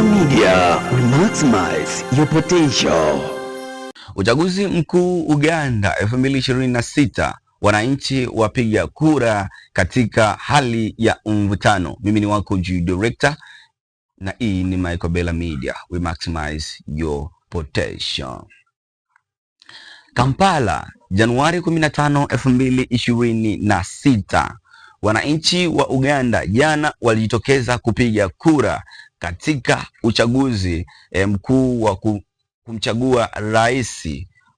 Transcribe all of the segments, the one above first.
Global Media, we maximize your potential. Uchaguzi mkuu Uganda 2026 wananchi wapiga kura katika hali ya mvutano. Mimi ni wako G Director na hii ni Michael Bella Media, we maximize your potential. Kampala, Januari 15, 2026. Wananchi wa Uganda jana walijitokeza kupiga kura katika uchaguzi e, mkuu wa kumchagua rais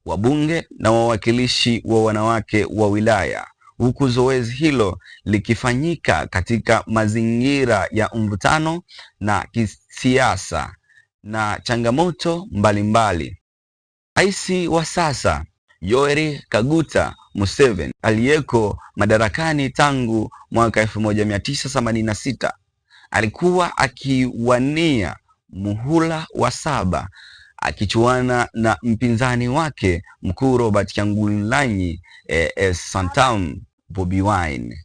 wa bunge na wawakilishi wa wanawake wa wilaya, huku zoezi hilo likifanyika katika mazingira ya mvutano na kisiasa na changamoto mbalimbali. Rais wa sasa Yoweri Kaguta Museveni aliyeko madarakani tangu mwaka 1986 alikuwa akiwania muhula wa saba akichuana na mpinzani wake mkuu Robert Kyagulanyi e, e, Santam Bobi Wine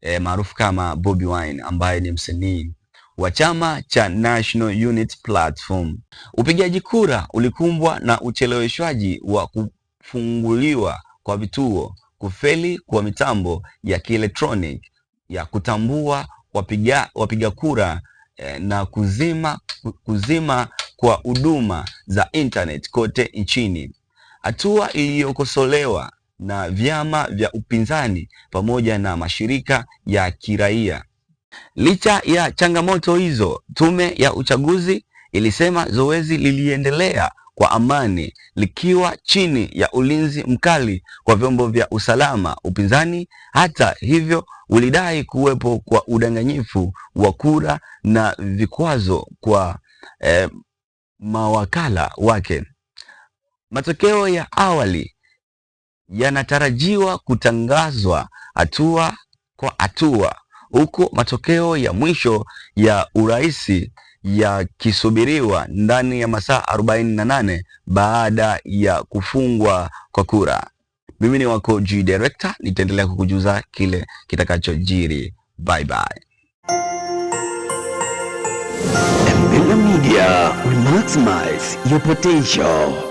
e, maarufu kama Bobi Wine ambaye ni msanii wa chama cha National Unity Platform. Upigaji kura ulikumbwa na ucheleweshwaji wa kufunguliwa kwa vituo, kufeli kwa mitambo ya kielektroniki ya kutambua wapiga, wapiga kura eh, na kuzima, kuzima kwa huduma za internet kote nchini, hatua iliyokosolewa na vyama vya upinzani pamoja na mashirika ya kiraia. Licha ya changamoto hizo, tume ya uchaguzi ilisema zoezi liliendelea kwa amani likiwa chini ya ulinzi mkali wa vyombo vya usalama. Upinzani hata hivyo ulidai kuwepo kwa udanganyifu wa kura na vikwazo kwa eh, mawakala wake. Matokeo ya awali yanatarajiwa kutangazwa hatua kwa hatua, huku matokeo ya mwisho ya uraisi yakisubiriwa ndani ya masaa 48 baada ya kufungwa kwa kura. Mimi ni wako G Director, nitaendelea kukujuza kile kitakachojiri. Bye bye. Media, we maximize your potential.